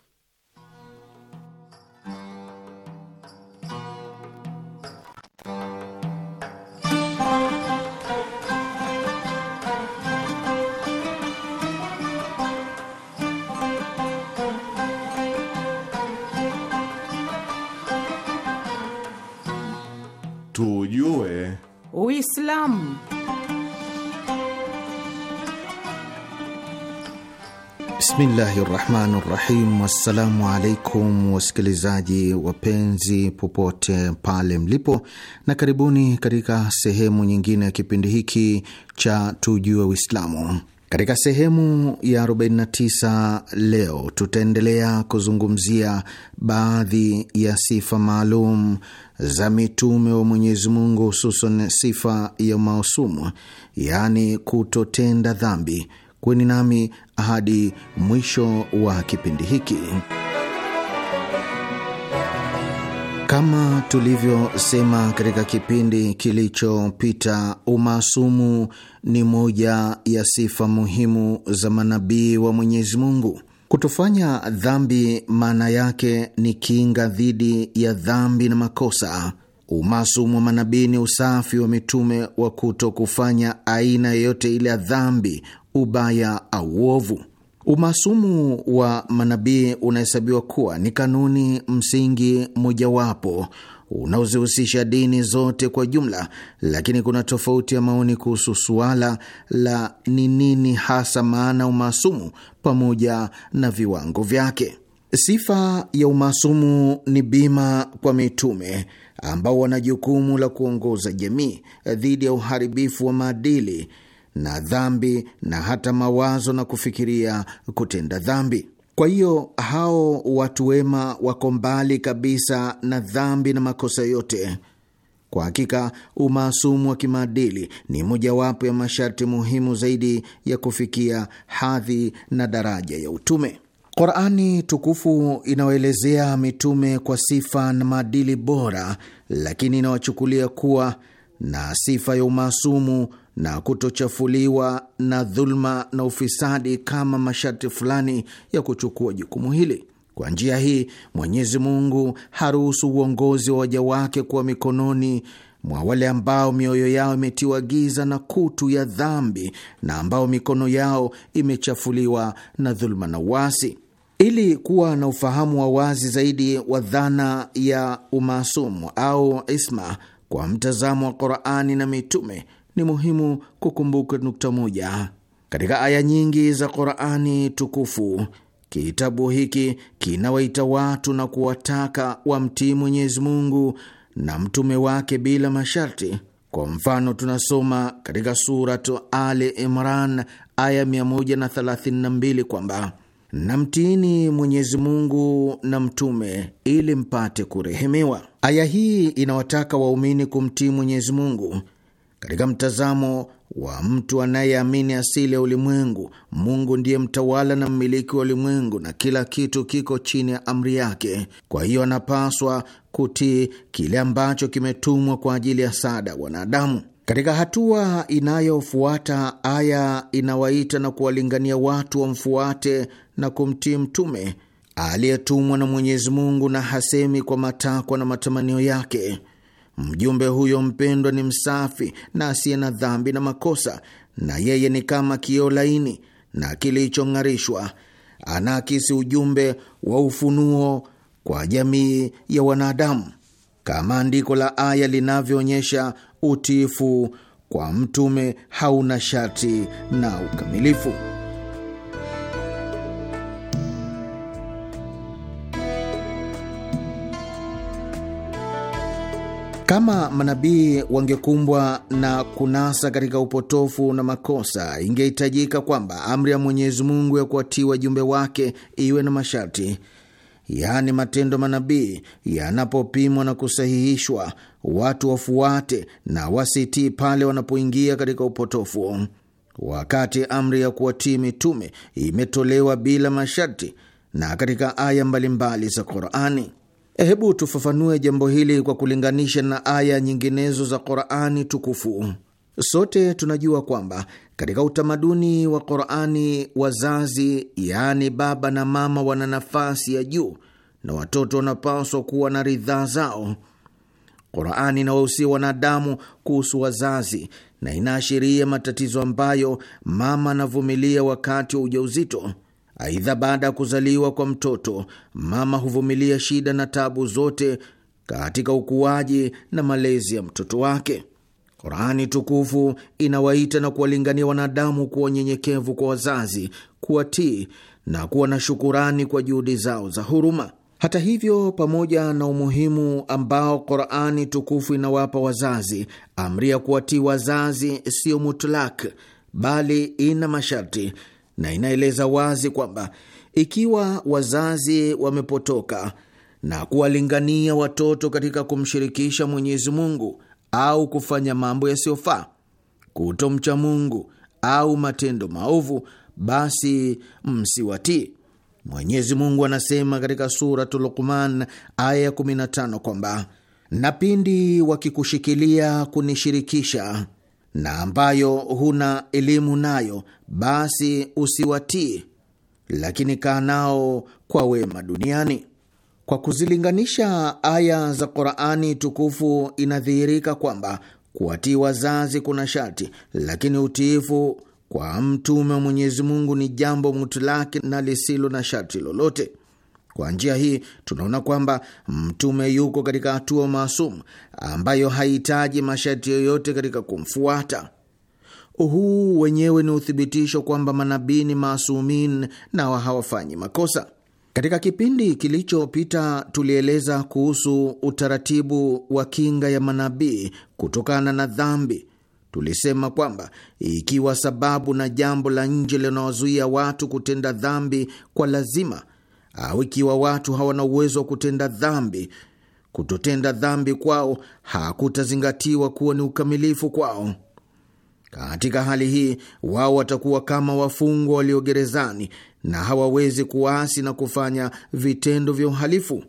S4: Bismillahi rahmani rahim. Wassalamu alaikum wasikilizaji wapenzi popote pale mlipo, na karibuni katika sehemu nyingine ya kipindi hiki cha tujue Uislamu. Katika sehemu ya 49 leo tutaendelea kuzungumzia baadhi ya sifa maalum za mitume wa Mwenyezi Mungu, hususan sifa ya mausumu, yaani kutotenda dhambi. Kweni nami hadi mwisho wa kipindi hiki. Kama tulivyosema katika kipindi kilichopita, umaasumu ni moja ya sifa muhimu za manabii wa Mwenyezi Mungu. Kutofanya dhambi maana yake ni kinga dhidi ya dhambi na makosa. Umaasumu wa manabii ni usafi wa mitume wa kuto kufanya aina yoyote ile ya dhambi ubaya au uovu. Umaasumu wa manabii unahesabiwa kuwa ni kanuni msingi mojawapo unaozihusisha dini zote kwa jumla, lakini kuna tofauti ya maoni kuhusu suala la ni nini hasa maana umaasumu pamoja na viwango vyake. Sifa ya umaasumu ni bima kwa mitume ambao wana jukumu la kuongoza jamii dhidi ya uharibifu wa maadili na dhambi na hata mawazo na kufikiria kutenda dhambi. Kwa hiyo hao watu wema wako mbali kabisa na dhambi na makosa yote. Kwa hakika umaasumu wa kimaadili ni mojawapo ya masharti muhimu zaidi ya kufikia hadhi na daraja ya utume. Qurani tukufu inawaelezea mitume kwa sifa na maadili bora, lakini inawachukulia kuwa na sifa ya umaasumu na kutochafuliwa na dhuluma na ufisadi kama masharti fulani ya kuchukua jukumu hili. Kwa njia hii, Mwenyezi Mungu haruhusu uongozi wa waja wake kuwa mikononi mwa wale ambao mioyo yao imetiwa giza na kutu ya dhambi na ambao mikono yao imechafuliwa na dhuluma na uasi. Ili kuwa na ufahamu wa wazi zaidi wa dhana ya umaasumu au isma kwa mtazamo wa Qur'ani na mitume ni muhimu kukumbuka nukta moja. Katika aya nyingi za Qurani tukufu, kitabu hiki kinawaita watu na kuwataka wamtii Mwenyezi Mungu na mtume wake bila masharti. Kwa mfano, tunasoma katika Surat Ali Imran aya 132 kwamba namtiini Mwenyezi Mungu na mtume ili mpate kurehemiwa. Aya hii inawataka waumini kumtii Mwenyezi Mungu katika mtazamo wa mtu anayeamini asili ya ulimwengu, Mungu ndiye mtawala na mmiliki wa ulimwengu na kila kitu kiko chini ya amri yake. Kwa hiyo anapaswa kutii kile ambacho kimetumwa kwa ajili ya sada wanadamu. Katika hatua inayofuata, aya inawaita na kuwalingania watu wamfuate na kumtii mtume aliyetumwa na Mwenyezi Mungu, na hasemi kwa matakwa na matamanio yake Mjumbe huyo mpendwa ni msafi na asiye na dhambi na makosa, na yeye ni kama kioo laini na kilichong'arishwa. Anaakisi ujumbe wa ufunuo kwa jamii ya wanadamu, kama andiko la aya linavyoonyesha. Utiifu kwa mtume hauna sharti na ukamilifu. Kama manabii wangekumbwa na kunasa katika upotofu na makosa, ingehitajika kwamba amri ya Mwenyezi Mungu ya kuwatii wajumbe wake iwe na masharti. Yaani, matendo manabii yanapopimwa na kusahihishwa, watu wafuate na wasitii pale wanapoingia katika upotofu. Wakati amri ya kuwatii mitume imetolewa bila masharti na katika aya mbalimbali za Qur'ani Eh, hebu tufafanue jambo hili kwa kulinganisha na aya nyinginezo za Qurani tukufu. Sote tunajua kwamba katika utamaduni wa Qurani wazazi, yaani baba na mama, wana nafasi ya juu na watoto wanapaswa kuwa na ridhaa zao. Qurani inawahusia wanadamu kuhusu wazazi na inaashiria matatizo ambayo mama anavumilia wakati wa ujauzito. Aidha, baada ya kuzaliwa kwa mtoto, mama huvumilia shida na tabu zote katika ukuaji na malezi ya mtoto wake. Qurani tukufu inawaita na kuwalingania wanadamu kuwa unyenyekevu kwa wazazi, kuwatii na kuwa na shukurani kwa juhudi zao za huruma. Hata hivyo, pamoja na umuhimu ambao Qurani tukufu inawapa wazazi, amri ya kuwatii wazazi siyo mutlak, bali ina masharti na inaeleza wazi kwamba ikiwa wazazi wamepotoka na kuwalingania watoto katika kumshirikisha Mwenyezi Mungu au kufanya mambo yasiyofaa, kutomcha Mungu au matendo maovu, basi msiwatii. Mwenyezi Mungu anasema katika Suratu Luqman aya ya 15 kwamba na pindi wakikushikilia kunishirikisha na ambayo huna elimu nayo, basi usiwatii, lakini kaa nao kwa wema duniani. Kwa kuzilinganisha aya za Qurani tukufu, inadhihirika kwamba kuwatii wazazi kuna sharti, lakini utiifu kwa mtume wa Mwenyezi Mungu ni jambo mutlaki na lisilo na sharti lolote. Kwa njia hii tunaona kwamba mtume yuko katika hatua maasum ambayo haihitaji masharti yoyote katika kumfuata. Huu wenyewe ni uthibitisho kwamba manabii ni maasumin na hawafanyi makosa. Katika kipindi kilichopita tulieleza kuhusu utaratibu wa kinga ya manabii kutokana na dhambi. Tulisema kwamba ikiwa sababu na jambo la nje linawazuia watu kutenda dhambi kwa lazima au ikiwa watu hawana uwezo wa kutenda dhambi, kutotenda dhambi kwao hakutazingatiwa kuwa ni ukamilifu kwao. Katika hali hii, wao watakuwa kama wafungwa walio gerezani na hawawezi kuasi na kufanya vitendo vya uhalifu.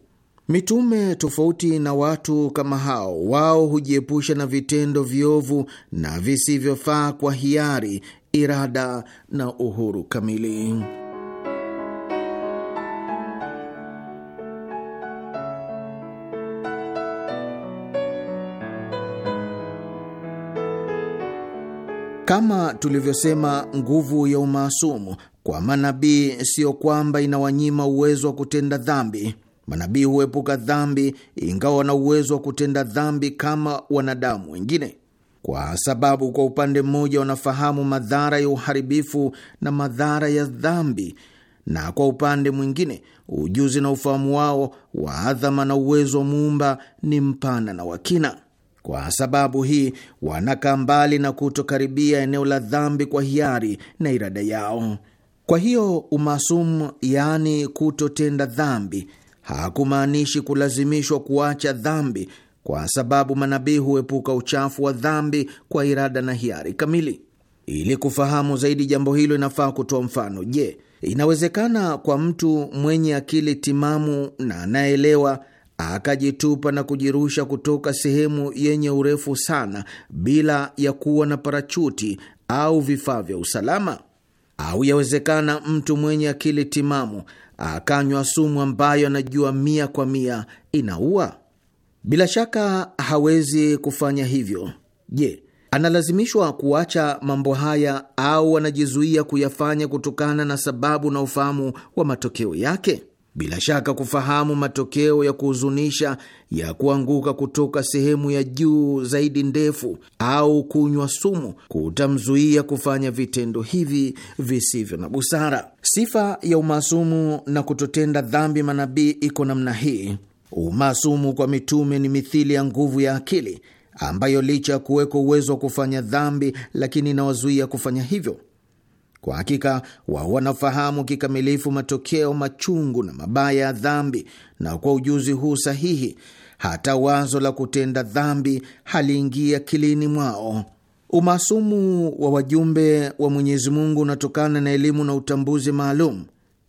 S4: Mitume, tofauti na watu kama hao, wao hujiepusha na vitendo viovu na visivyofaa kwa hiari, irada na uhuru kamili. Kama tulivyosema, nguvu ya umaasumu kwa manabii siyo kwamba inawanyima uwezo wa kutenda dhambi. Manabii huepuka dhambi, ingawa wana uwezo wa kutenda dhambi kama wanadamu wengine, kwa sababu kwa upande mmoja wanafahamu madhara ya uharibifu na madhara ya dhambi, na kwa upande mwingine ujuzi na ufahamu wao wa adhama na uwezo wa muumba ni mpana na wakina. Kwa sababu hii wanakaa mbali na kutokaribia eneo la dhambi kwa hiari na irada yao. Kwa hiyo umasumu, yaani kutotenda dhambi, hakumaanishi kulazimishwa kuacha dhambi, kwa sababu manabii huepuka uchafu wa dhambi kwa irada na hiari kamili. Ili kufahamu zaidi jambo hilo, inafaa kutoa mfano. Je, inawezekana kwa mtu mwenye akili timamu na anayeelewa akajitupa na kujirusha kutoka sehemu yenye urefu sana bila ya kuwa na parachuti au vifaa vya usalama? Au yawezekana mtu mwenye akili timamu akanywa sumu ambayo anajua mia kwa mia inaua? Bila shaka hawezi kufanya hivyo. Je, analazimishwa kuacha mambo haya au anajizuia kuyafanya kutokana na sababu na ufahamu wa matokeo yake? Bila shaka kufahamu matokeo ya kuhuzunisha ya kuanguka kutoka sehemu ya juu zaidi ndefu au kunywa sumu kutamzuia kufanya vitendo hivi visivyo na busara. Sifa ya umaasumu na kutotenda dhambi manabii iko namna hii. Umaasumu kwa mitume ni mithili ya nguvu ya akili ambayo licha ya kuwekwa uwezo wa kufanya dhambi, lakini inawazuia kufanya hivyo. Kwa hakika wao wanafahamu kikamilifu matokeo machungu na mabaya ya dhambi, na kwa ujuzi huu sahihi, hata wazo la kutenda dhambi haliingia kilini mwao. Umaasumu wa wajumbe wa Mwenyezi Mungu unatokana na elimu na utambuzi maalum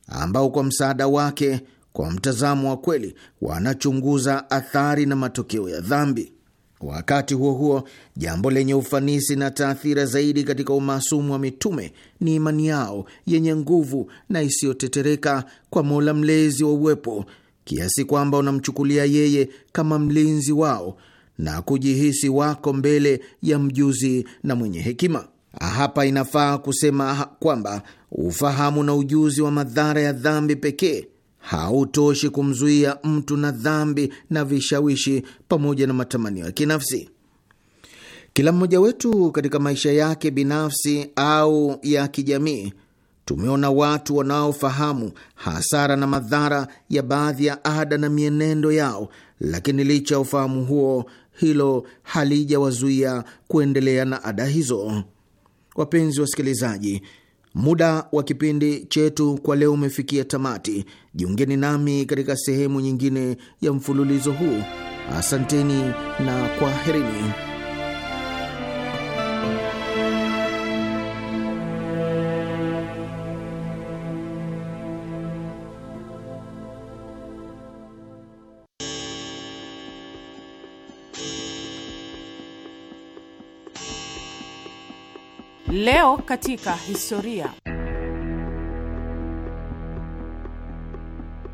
S4: ambao kwa msaada wake, kwa mtazamo wa kweli, wanachunguza athari na matokeo ya dhambi. Wakati huo huo, jambo lenye ufanisi na taathira zaidi katika umaasumu wa mitume ni imani yao yenye nguvu na isiyotetereka kwa Mola mlezi wa uwepo, kiasi kwamba unamchukulia yeye kama mlinzi wao na kujihisi wako mbele ya mjuzi na mwenye hekima. Hapa inafaa kusema kwamba ufahamu na ujuzi wa madhara ya dhambi pekee hautoshi kumzuia mtu na dhambi na vishawishi pamoja na matamanio ya kinafsi. Kila mmoja wetu katika maisha yake binafsi au ya kijamii tumeona watu wanaofahamu hasara na madhara ya baadhi ya ada na mienendo yao, lakini licha ya ufahamu huo, hilo halijawazuia kuendelea na ada hizo. Wapenzi wasikilizaji, Muda wa kipindi chetu kwa leo umefikia tamati. Jiungeni nami katika sehemu nyingine ya mfululizo huu. Asanteni na kwaherini.
S1: Leo katika historia.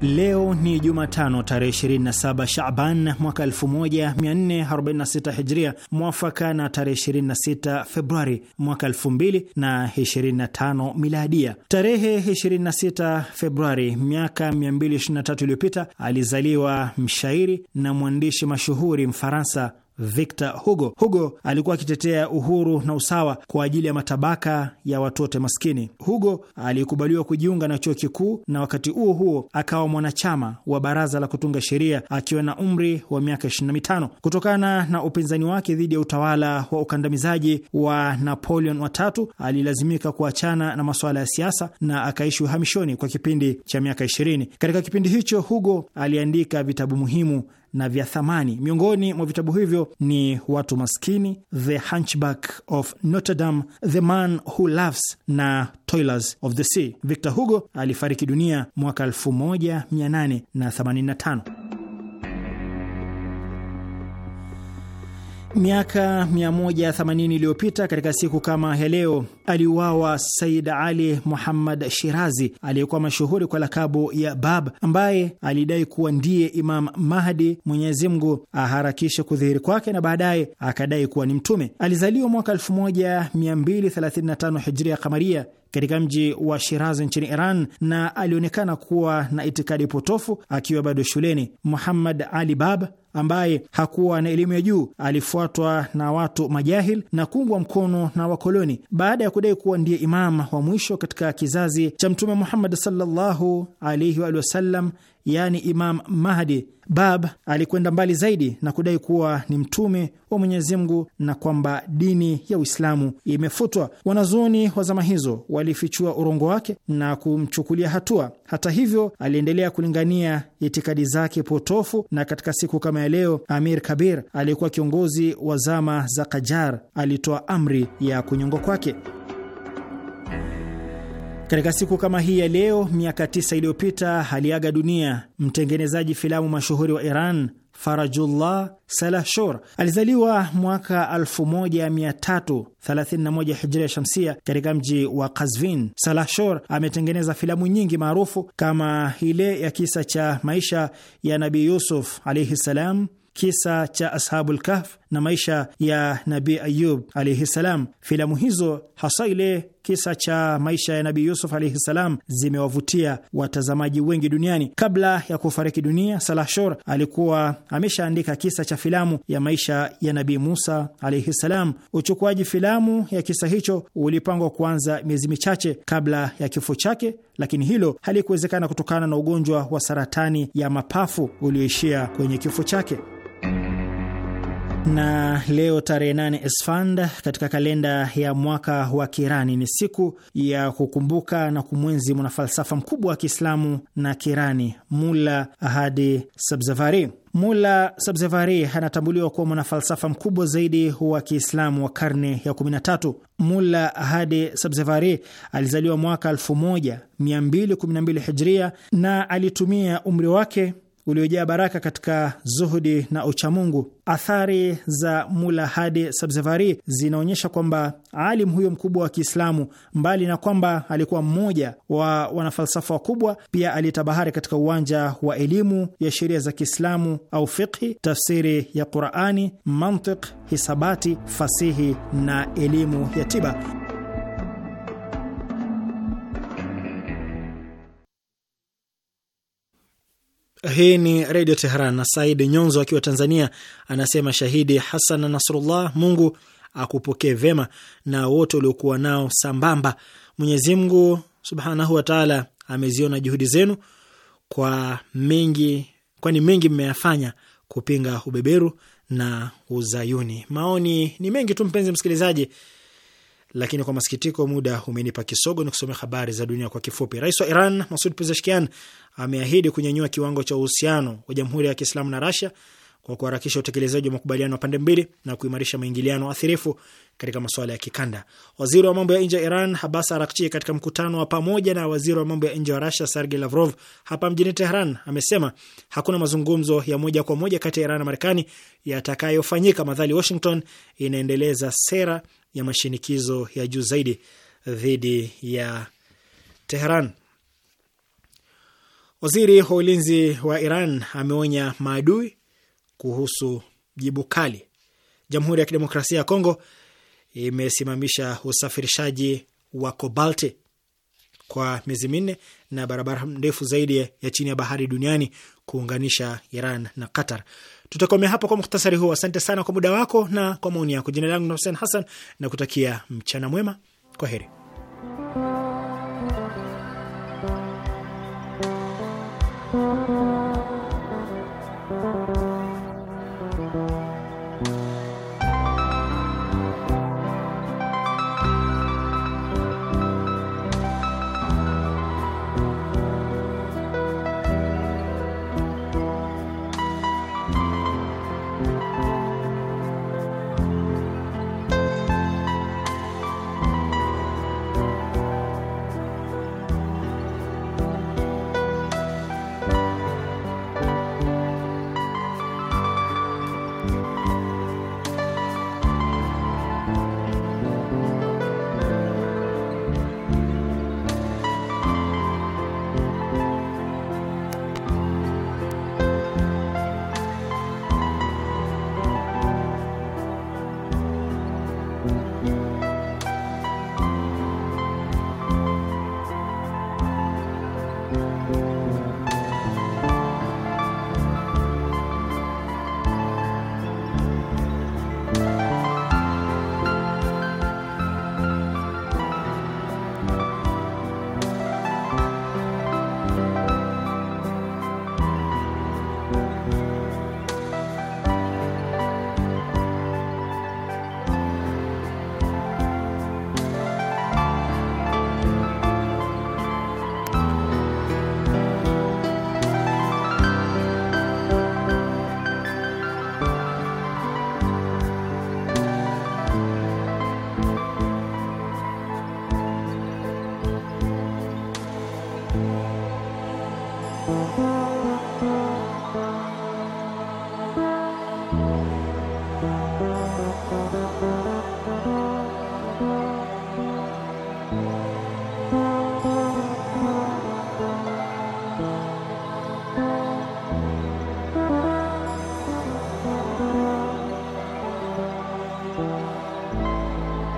S2: Leo ni Jumatano tarehe 27 Shaban mwaka 1446 Hijria, mwafaka na tarehe 26 Februari mwaka 2025 Miladia. Tarehe 26 Februari miaka 223 iliyopita alizaliwa mshairi na mwandishi mashuhuri Mfaransa Victor Hugo. Hugo alikuwa akitetea uhuru na usawa kwa ajili ya matabaka ya watoto maskini. Hugo alikubaliwa kujiunga na chuo kikuu na wakati huo huo akawa mwanachama wa baraza la kutunga sheria akiwa na umri wa miaka 25. Kutokana na upinzani wake dhidi ya utawala wa ukandamizaji wa Napoleon watatu, alilazimika kuachana na masuala ya siasa na akaishi uhamishoni kwa kipindi cha miaka 20. Katika kipindi hicho, Hugo aliandika vitabu muhimu na vya thamani. Miongoni mwa vitabu hivyo ni Watu Maskini, The Hunchback of Notre Dame, The Man Who Laughs na Toilers of the Sea. Victor Hugo alifariki dunia mwaka 1885. Miaka 180 iliyopita katika siku kama ya leo aliuawa Said Ali Muhammad Shirazi aliyekuwa mashuhuri kwa lakabu ya Bab, ambaye alidai kuwa ndiye Imam Mahdi, Mwenyezi Mungu aharakishe kudhihiri kwake, na baadaye akadai kuwa ni mtume. Alizaliwa mwaka 1235 Hijria Kamaria katika mji wa Shiraz nchini Iran na alionekana kuwa na itikadi potofu akiwa bado shuleni. Muhammad Ali Bab ambaye hakuwa na elimu ya juu, alifuatwa na watu majahil na kuungwa mkono na wakoloni, baada ya kudai kuwa ndiye imama wa mwisho katika kizazi cha Mtume Muhammad sallallahu alaihi wa sallam, yaani Imam Mahdi. Bab alikwenda mbali zaidi na kudai kuwa ni mtume wa Mwenyezi Mungu na kwamba dini ya Uislamu imefutwa. Wanazuoni wa zama hizo walifichua urongo wake na kumchukulia hatua. Hata hivyo, aliendelea kulingania itikadi zake potofu, na katika siku kama ya leo, Amir Kabir aliyekuwa kiongozi wa zama za Kajar alitoa amri ya kunyongwa kwake. Katika siku kama hii ya leo miaka tisa iliyopita aliaga dunia mtengenezaji filamu mashuhuri wa Iran Farajullah Salahshor alizaliwa mwaka 1331 hijria shamsia katika mji wa Kazvin. Salahshor ametengeneza filamu nyingi maarufu kama ile ya kisa cha maisha ya nabi Yusuf alaihi ssalam, kisa cha ashabu lkahf na maisha ya nabi Ayub alaihi ssalam. Filamu hizo hasa ile kisa cha maisha ya Nabii Yusuf alaihi salam zimewavutia watazamaji wengi duniani. Kabla ya kufariki dunia, Salah Shor alikuwa ameshaandika kisa cha filamu ya maisha ya Nabii Musa alaihi salam. Uchukuaji filamu ya kisa hicho ulipangwa kuanza miezi michache kabla ya kifo chake, lakini hilo halikuwezekana kutokana na ugonjwa wa saratani ya mapafu ulioishia kwenye kifo chake na leo tarehe nane Esfand katika kalenda ya mwaka wa Kirani ni siku ya kukumbuka na kumwenzi mwanafalsafa mkubwa wa Kiislamu na Kirani Mula Hadi Sabzavari. Mula Sabzevari anatambuliwa kuwa mwanafalsafa mkubwa zaidi wa Kiislamu wa karne ya 13. Mula Hadi Sabzevari alizaliwa mwaka 1212 Hijria na alitumia umri wake uliojaa baraka katika zuhudi na uchamungu. Athari za Mula Hadi Sabzevari zinaonyesha kwamba alim huyo mkubwa wa Kiislamu, mbali na kwamba alikuwa mmoja wa wanafalsafa wakubwa, pia alitabahari katika uwanja wa elimu ya sheria za Kiislamu au fiqhi, tafsiri ya Qurani, mantiq, hisabati, fasihi na elimu ya tiba. Hii ni Redio Teheran. Na Said Nyonzo akiwa Tanzania anasema shahidi Hasan Nasrullah, Mungu akupokee vema na wote uliokuwa nao sambamba. Mwenyezi Mungu subhanahu wataala ameziona juhudi zenu, kwa mengi, kwani mengi mmeyafanya kupinga ubeberu na uzayuni. Maoni ni mengi tu, mpenzi msikilizaji lakini kwa masikitiko muda umenipa kisogo. Ni kusomea habari za dunia kwa kifupi. Rais wa Iran Masud Pezeshkian ameahidi kunyanyua kiwango cha uhusiano wa Jamhuri ya Kiislamu na Rasia kwa kuharakisha utekelezaji wa makubaliano ya pande mbili na kuimarisha maingiliano athirifu katika masuala ya kikanda. Waziri wa mambo ya nje wa Iran Abbas Arakchi, katika mkutano wa pamoja na waziri wa mambo ya nje wa Rasia Sergey Lavrov hapa mjini Tehran, amesema hakuna mazungumzo ya moja kwa moja kati ya Iran na Marekani yatakayofanyika madhali Washington inaendeleza sera ya mashinikizo ya juu zaidi dhidi ya Teheran. Waziri wa ulinzi wa Iran ameonya maadui kuhusu jibu kali. Jamhuri ya Kidemokrasia ya Kongo imesimamisha usafirishaji wa kobalti kwa miezi minne na barabara ndefu zaidi ya chini ya bahari duniani kuunganisha Iran na Qatar. Tutakomea hapo kwa muhtasari huu. Asante sana kwa muda wako na kwa maoni yako. Jina langu ni Hussein Hassan na kutakia mchana mwema. Kwa heri.